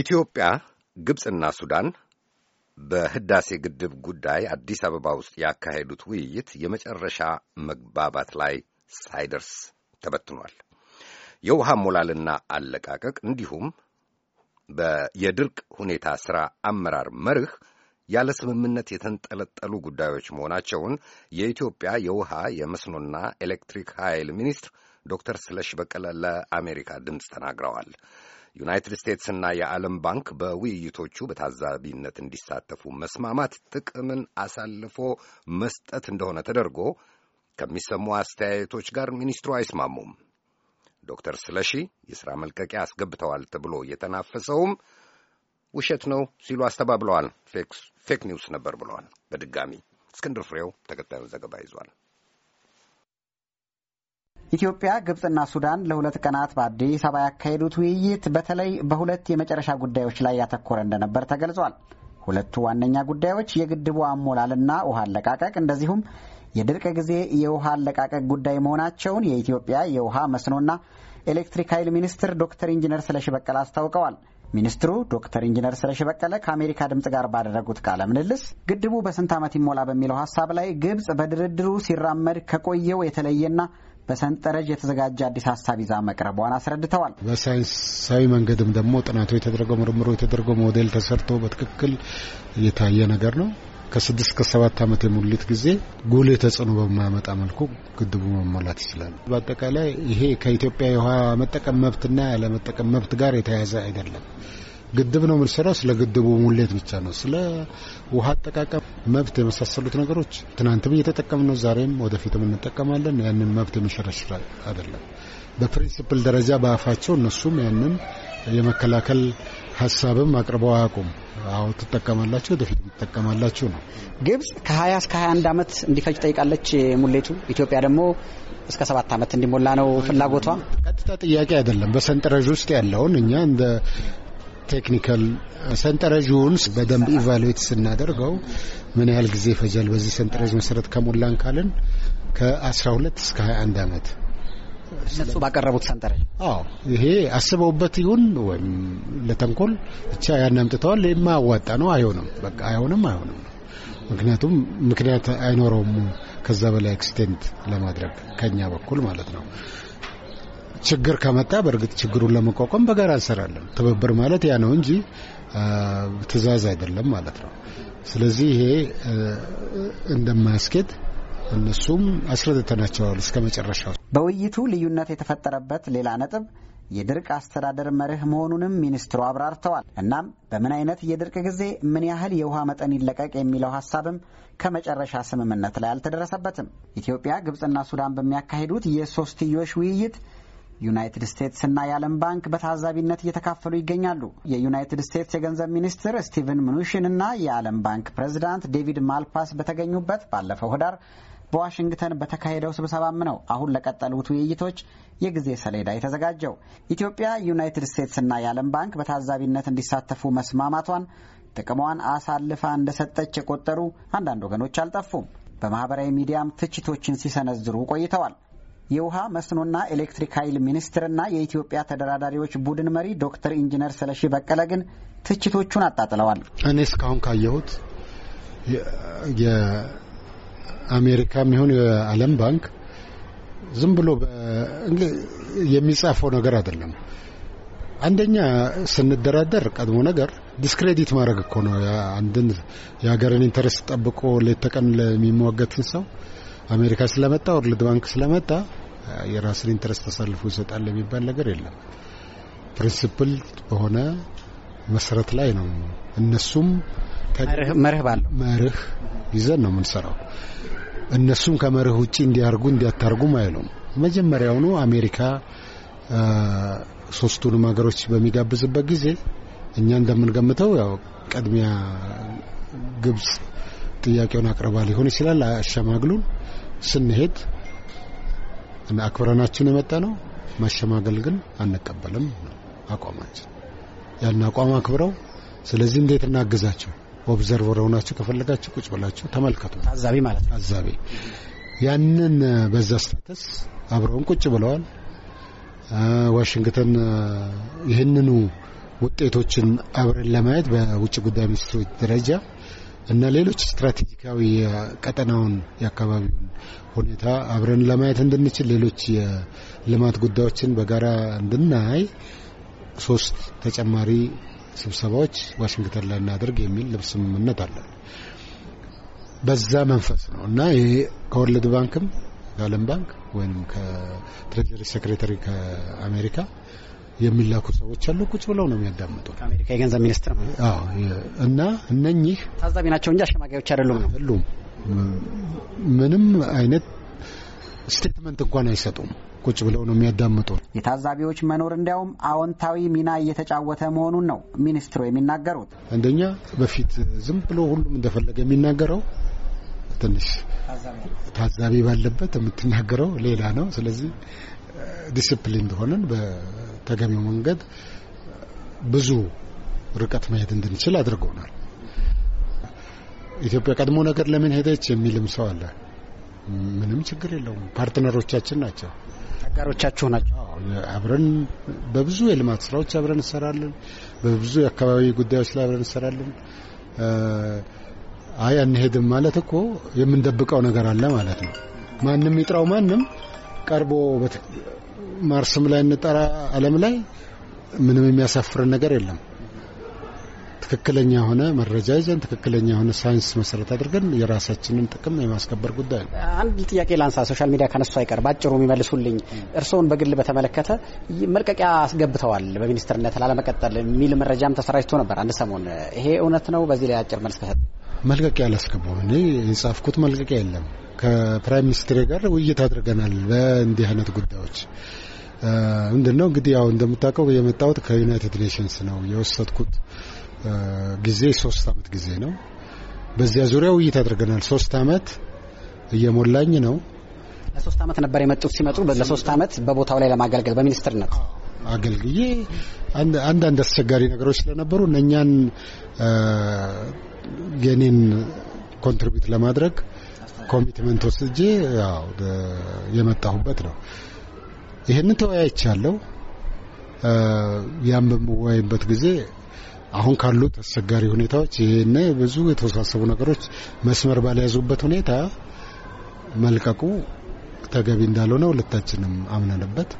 ኢትዮጵያ፣ ግብፅና ሱዳን በህዳሴ ግድብ ጉዳይ አዲስ አበባ ውስጥ ያካሄዱት ውይይት የመጨረሻ መግባባት ላይ ሳይደርስ ተበትኗል። የውሃ ሞላልና አለቃቀቅ እንዲሁም የድርቅ ሁኔታ ሥራ አመራር መርህ ያለ ስምምነት የተንጠለጠሉ ጉዳዮች መሆናቸውን የኢትዮጵያ የውሃ የመስኖና ኤሌክትሪክ ኃይል ሚኒስትር ዶክተር ስለሽ በቀለ ለአሜሪካ ድምፅ ተናግረዋል። ዩናይትድ ስቴትስና የዓለም ባንክ በውይይቶቹ በታዛቢነት እንዲሳተፉ መስማማት ጥቅምን አሳልፎ መስጠት እንደሆነ ተደርጎ ከሚሰሙ አስተያየቶች ጋር ሚኒስትሩ አይስማሙም። ዶክተር ስለሺ የሥራ መልቀቂያ አስገብተዋል ተብሎ የተናፈሰውም ውሸት ነው ሲሉ አስተባብለዋል። ፌክ ኒውስ ነበር ብለዋል። በድጋሚ እስክንድር ፍሬው ተከታዩን ዘገባ ይዟል። ኢትዮጵያ ግብፅና ሱዳን ለሁለት ቀናት በአዲስ አበባ ያካሄዱት ውይይት በተለይ በሁለት የመጨረሻ ጉዳዮች ላይ ያተኮረ እንደነበር ተገልጿል። ሁለቱ ዋነኛ ጉዳዮች የግድቡ አሞላልና ውሃ አለቃቀቅ እንደዚሁም የድርቅ ጊዜ የውሃ አለቃቀቅ ጉዳይ መሆናቸውን የኢትዮጵያ የውሃ መስኖና ኤሌክትሪክ ኃይል ሚኒስትር ዶክተር ኢንጂነር ስለሺ በቀለ አስታውቀዋል። ሚኒስትሩ ዶክተር ኢንጂነር ስለሺ በቀለ ከአሜሪካ ድምፅ ጋር ባደረጉት ቃለ ምልልስ ግድቡ በስንት ዓመት ይሞላ በሚለው ሀሳብ ላይ ግብፅ በድርድሩ ሲራመድ ከቆየው የተለየና በሰንጠረዥ የተዘጋጀ አዲስ ሀሳብ ይዛ መቅረቧን አስረድተዋል። በሳይንሳዊ መንገድም ደግሞ ጥናቱ የተደረገው ምርምሮ የተደረገው ሞዴል ተሰርቶ በትክክል የታየ ነገር ነው። ከስድስት ከሰባት ዓመት የሙሊት ጊዜ ጉልህ ተጽዕኖ በማያመጣ መልኩ ግድቡ መሞላት ይችላል። በአጠቃላይ ይሄ ከኢትዮጵያ የውሃ መጠቀም መብትና ያለመጠቀም መብት ጋር የተያያዘ አይደለም። ግድብ ነው የምንሰራው። ስለ ግድቡ ሙሌት ብቻ ነው፣ ስለ ውሃ አጠቃቀም መብት የመሳሰሉት ነገሮች ትናንትም እየተጠቀምን ነው፣ ዛሬም ወደፊትም እንጠቀማለን። ያንን መብት የሚሸረሽር አይደለም። በፕሪንሲፕል ደረጃ በአፋቸው እነሱም ያንን የመከላከል ሀሳብም አቅርበው አያውቁም። አዎ ትጠቀማላችሁ፣ ወደፊት ትጠቀማላችሁ ነው። ግብጽ ከ20 እስከ 21 ዓመት እንዲፈጅ ጠይቃለች ሙሌቱ። ኢትዮጵያ ደግሞ እስከ ሰባት ዓመት እንዲሞላ ነው ፍላጎቷ። ቀጥታ ጥያቄ አይደለም። በሰንጠረዥ ውስጥ ያለውን እኛ እንደ ቴክኒካል ሰንጠረዥውን በደንብ ኢቫሉዌት ስናደርገው ምን ያህል ጊዜ ፈጃል? በዚህ ሰንጠረዥ መሰረት ከሞላን ካልን ከ12 እስከ 21 ዓመት እነሱ ባቀረቡት ሰንጠረዥ። አዎ ይሄ አስበውበት ይሁን ወይም ለተንኮል ብቻ ያን አምጥተዋል። የማያዋጣ ነው። አይሆንም፣ በቃ አይሆንም፣ አይሆንም። ምክንያቱም ምክንያት አይኖረውም ከዛ በላይ ኤክስቴንት ለማድረግ ከኛ በኩል ማለት ነው። ችግር ከመጣ በእርግጥ ችግሩን ለመቋቋም በጋራ እንሰራለን። ትብብር ማለት ያ ነው እንጂ ትዕዛዝ አይደለም ማለት ነው። ስለዚህ ይሄ እንደማያስኬድ እነሱም አስረድተናቸዋል እስከ መጨረሻው። በውይይቱ ልዩነት የተፈጠረበት ሌላ ነጥብ የድርቅ አስተዳደር መርህ መሆኑንም ሚኒስትሩ አብራርተዋል። እናም በምን አይነት የድርቅ ጊዜ ምን ያህል የውሃ መጠን ይለቀቅ የሚለው ሀሳብም ከመጨረሻ ስምምነት ላይ አልተደረሰበትም። ኢትዮጵያ፣ ግብፅና ሱዳን በሚያካሂዱት የሶስትዮሽ ውይይት ዩናይትድ እና የዓለም ባንክ በታዛቢነት እየተካፈሉ ይገኛሉ። የዩናይትድ ስቴትስ የገንዘብ ሚኒስትር ስቲቨን ምኑሽን እና የዓለም ባንክ ፕሬዚዳንት ዴቪድ ማልፓስ በተገኙበት ባለፈው ህዳር በዋሽንግተን በተካሄደው ስብሰባም ነው አሁን ለቀጠሉት ውይይቶች የጊዜ ሰሌዳ የተዘጋጀው። ኢትዮጵያ ዩናይትድ እና የዓለም ባንክ በታዛቢነት እንዲሳተፉ መስማማቷን ጥቅሟን አሳልፋ እንደሰጠች የቆጠሩ አንዳንድ ወገኖች አልጠፉም። በማኅበራዊ ሚዲያም ትችቶችን ሲሰነዝሩ ቆይተዋል። የውሃ መስኖና ኤሌክትሪክ ኃይል ሚኒስትርና የኢትዮጵያ ተደራዳሪዎች ቡድን መሪ ዶክተር ኢንጂነር ስለሺ በቀለ ግን ትችቶቹን አጣጥለዋል። እኔ እስካሁን ካየሁት የአሜሪካም ይሁን የዓለም ባንክ ዝም ብሎ የሚጻፈው ነገር አይደለም። አንደኛ ስንደራደር ቀድሞ ነገር ዲስክሬዲት ማድረግ እኮ ነው። አንድን የሀገርን ኢንተረስት ጠብቆ ሌት ተቀን ለሚሟገትን ሰው አሜሪካ ስለመጣ ወርልድ ባንክ ስለመጣ የራስን ኢንትረስት ተሳልፎ ይሰጣል የሚባል ነገር የለም። ፕሪንስፕል በሆነ መሰረት ላይ ነው። እነሱም መርህ ባለ መርህ ይዘን ነው የምንሰራው። እነሱም ከመርህ ውጭ እንዲያርጉ እንዲያታርጉም አይሉም። መጀመሪያውኑ አሜሪካ ሶስቱንም ሀገሮች በሚጋብዝበት ጊዜ እኛ እንደምንገምተው ያው ቅድሚያ ግብጽ ጥያቄውን አቅርባ ሊሆን ይችላል። አሸማግሉን ስንሄድ እና አክብረናችን የመጣ ነው። ማሸማገል ግን አንቀበልም ነው አቋማችን። ያን አቋም አክብረው ስለዚህ እንዴት እናግዛቸው? ኦብዘርቨር ሆናችሁ ከፈለጋችሁ ቁጭ ብላችሁ ተመልከቱ። ታዛቢ ማለት ነው። ታዛቢ ያንን በዛ ስታተስ አብረውን ቁጭ ብለዋል። ዋሽንግተን ይህንኑ ውጤቶችን አብረን ለማየት በውጭ ጉዳይ ሚኒስትሮች ደረጃ እና ሌሎች ስትራቴጂካዊ የቀጠናውን የአካባቢውን ሁኔታ አብረን ለማየት እንድንችል ሌሎች የልማት ጉዳዮችን በጋራ እንድናይ ሶስት ተጨማሪ ስብሰባዎች ዋሽንግተን ላይ እናደርግ የሚል ልብ ስምምነት አለን። በዛ መንፈስ ነው እና ይሄ ከወርልድ ባንክም ከዓለም ባንክ ወይም ከትሬጀሪ ሴክሬታሪ ከአሜሪካ የሚላኩ ሰዎች አሉ። ቁጭ ብለው ነው የሚያዳምጡ። አሜሪካ የገንዘብ ሚኒስትር እና እነኚህ ታዛቢ ናቸው እንጂ አሸማጋዮች አይደሉም። አይደሉም። ምንም አይነት ስቴትመንት እንኳን አይሰጡም። ቁጭ ብለው ነው የሚያዳምጡ። የታዛቢዎች መኖር እንዲያውም አዎንታዊ ሚና እየተጫወተ መሆኑን ነው ሚኒስትሩ የሚናገሩት። አንደኛ በፊት ዝም ብሎ ሁሉም እንደፈለገ የሚናገረው ትንሽ ታዛቢ ባለበት የምትናገረው ሌላ ነው። ስለዚህ ዲስፕሊን ሆነን በተገቢው መንገድ ብዙ ርቀት መሄድ እንድንችል አድርገውናል። ኢትዮጵያ ቀድሞ ነገር ለምን ሄደች የሚልም ሰው አለ። ምንም ችግር የለውም። ፓርትነሮቻችን ናቸው፣ አጋሮቻችሁ ናቸው። አብረን በብዙ የልማት ስራዎች አብረን እንሰራለን። በብዙ የአካባቢ ጉዳዮች ላይ አብረን እንሰራለን። አይ አንሄድም ማለት እኮ የምንደብቀው ነገር አለ ማለት ነው። ማንም ይጥራው ማንም ቀርቦ ማርስም ላይ እንጠራ ዓለም ላይ ምንም የሚያሳፍርን ነገር የለም። ትክክለኛ የሆነ መረጃ ይዘን ትክክለኛ የሆነ ሳይንስ መሰረት አድርገን የራሳችንን ጥቅም የማስከበር ጉዳይ ነው። አንድ ጥያቄ ላንሳ። ሶሻል ሚዲያ ከነሱ አይቀር ባጭሩ የሚመልሱልኝ። እርስዎን በግል በተመለከተ መልቀቂያ አስገብተዋል በሚኒስትርነት ላለመቀጠል የሚል መረጃም ተሰራጭቶ ነበር አንድ ሰሞን። ይሄ እውነት ነው? በዚህ ላይ አጭር መልስ ከሰጥ። መልቀቂያ አላስገባም እኔ የጻፍኩት መልቀቂያ የለም። ከፕራይም ሚኒስትር ጋር ውይይት አድርገናል። በእንዲህ አይነት ጉዳዮች ምንድን ነው እንግዲህ ያው እንደምታውቀው የመጣሁት ከዩናይትድ ኔሽንስ ነው። የወሰድኩት ጊዜ ሶስት አመት ጊዜ ነው። በዚያ ዙሪያ ውይይት አድርገናል። ሶስት አመት እየሞላኝ ነው። ለሶስት አመት ነበር የመጡት። ሲመጡ ለሶስት አመት በቦታው ላይ ለማገልገል በሚኒስትርነት አገልግዬ አንዳንድ አስቸጋሪ ነገሮች ስለነበሩ እነኛን የኔን ኮንትሪቢዩት ለማድረግ ኮሚትመንት ወስጄ ያው የመጣሁበት ነው። ይህንን ተወያይቻለሁ። ያን በምወያይበት ጊዜ አሁን ካሉት አስቸጋሪ ሁኔታዎች ይህን ብዙ የተወሳሰቡ ነገሮች መስመር ባልያዙበት ሁኔታ መልቀቁ ተገቢ እንዳልሆነ ሁለታችንም አምነንበት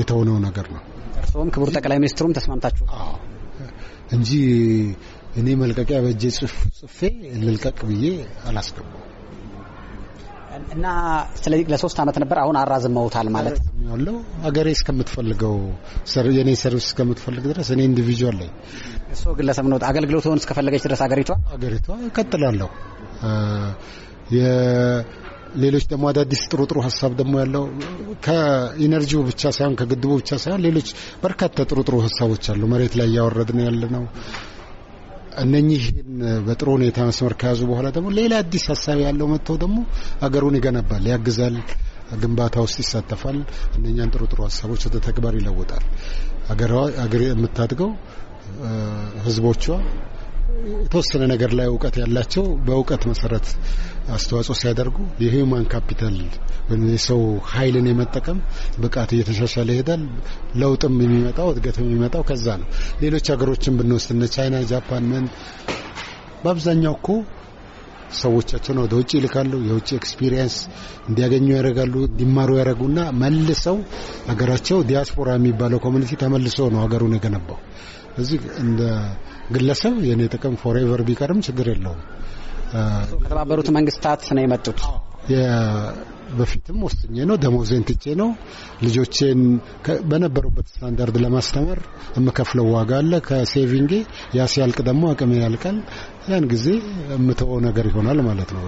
የተሆነው ነገር ነው። እርስዎም ክቡር ጠቅላይ ሚኒስትሩም ተስማምታችሁ? እንጂ እኔ መልቀቂያ በእጄ ጽፌ ልልቀቅ ብዬ አላስገባም። እና ስለዚህ ለሶስት አመት ነበር። አሁን አራዝመውታል ማለት ያለው አገሬ እስከምትፈልገው የኔ ሰርቪስ እስከምትፈልግ ድረስ እኔ ኢንዲቪጁዋል ላይ እሱ ግለሰብ ነው። አገልግሎት ሆን እስከፈለገች ድረስ አገሪቷ አገሪቷ እቀጥላለሁ። ሌሎች ደግሞ አዳዲስ ጥሩ ጥሩ ሀሳብ ደግሞ ያለው ከኢነርጂው ብቻ ሳይሆን ከግድቡ ብቻ ሳይሆን ሌሎች በርካታ ጥሩ ጥሩ ሀሳቦች አሉ መሬት ላይ እያወረድን ያለ ነው። እነኚህን በጥሩ ሁኔታ መስመር ከያዙ በኋላ ደግሞ ሌላ አዲስ ሀሳብ ያለው መጥተው ደግሞ አገሩን ይገነባል፣ ያግዛል፣ ግንባታ ውስጥ ይሳተፋል። እነኛን ጥሩ ጥሩ ሀሳቦች ወደ ተግባር ይለውጣል። አገር የምታድገው ህዝቦቿ የተወሰነ ነገር ላይ እውቀት ያላቸው በእውቀት መሰረት አስተዋጽኦ ሲያደርጉ የሂውማን ካፒታል ወይም የሰው ኃይልን የመጠቀም ብቃት እየተሻሻለ ይሄዳል። ለውጥም የሚመጣው እድገትም የሚመጣው ከዛ ነው። ሌሎች ሀገሮችን ብንወስድ እነ ቻይና፣ ጃፓን ምን በአብዛኛው እኮ ሰዎቻቸውን ወደ ውጭ ይልካሉ። የውጭ ኤክስፒሪየንስ እንዲያገኙ ያደርጋሉ፣ እንዲማሩ ያደርጉና መልሰው ሀገራቸው ዲያስፖራ የሚባለው ኮሚኒቲ ተመልሶ ነው ሀገሩን የገነባው። እዚህ እንደ ግለሰብ የኔ ጥቅም ፎሬቨር ቢቀርም ችግር የለውም። ከተባበሩት መንግስታት ነው የመጡት። በፊትም ወስኜ ነው ደሞዜን ትቼ ነው ልጆቼን በነበሩበት ስታንዳርድ ለማስተማር የምከፍለው ዋጋ አለ ከሴቪንጌ። ያ ሲያልቅ ደግሞ አቅሜ ያልቃል። ያን ጊዜ የምተወው ነገር ይሆናል ማለት ነው።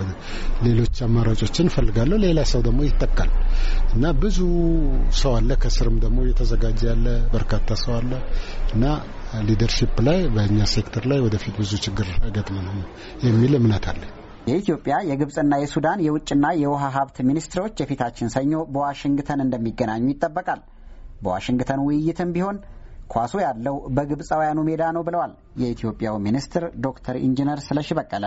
ሌሎች አማራጮችን እፈልጋለሁ። ሌላ ሰው ደግሞ ይጠቃል እና ብዙ ሰው አለ፣ ከስርም ደግሞ እየተዘጋጀ ያለ በርካታ ሰው አለ እና ሊደርሽፕ ላይ በእኛ ሴክተር ላይ ወደፊት ብዙ ችግር አይገጥመንም የሚል እምነት አለ። የኢትዮጵያ የግብፅና የሱዳን የውጭና የውሃ ሀብት ሚኒስትሮች የፊታችን ሰኞ በዋሽንግተን እንደሚገናኙ ይጠበቃል። በዋሽንግተን ውይይትም ቢሆን ኳሱ ያለው በግብፃውያኑ ሜዳ ነው ብለዋል የኢትዮጵያው ሚኒስትር ዶክተር ኢንጂነር ስለሺ በቀለ።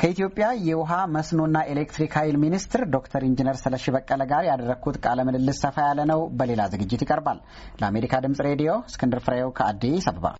ከኢትዮጵያ የውሃ መስኖና ኤሌክትሪክ ኃይል ሚኒስትር ዶክተር ኢንጂነር ስለሺ በቀለ ጋር ያደረግኩት ቃለ ምልልስ ሰፋ ያለ ነው። በሌላ ዝግጅት ይቀርባል። ለአሜሪካ ድምጽ ሬዲዮ እስክንድር ፍሬው ከአዲስ አበባ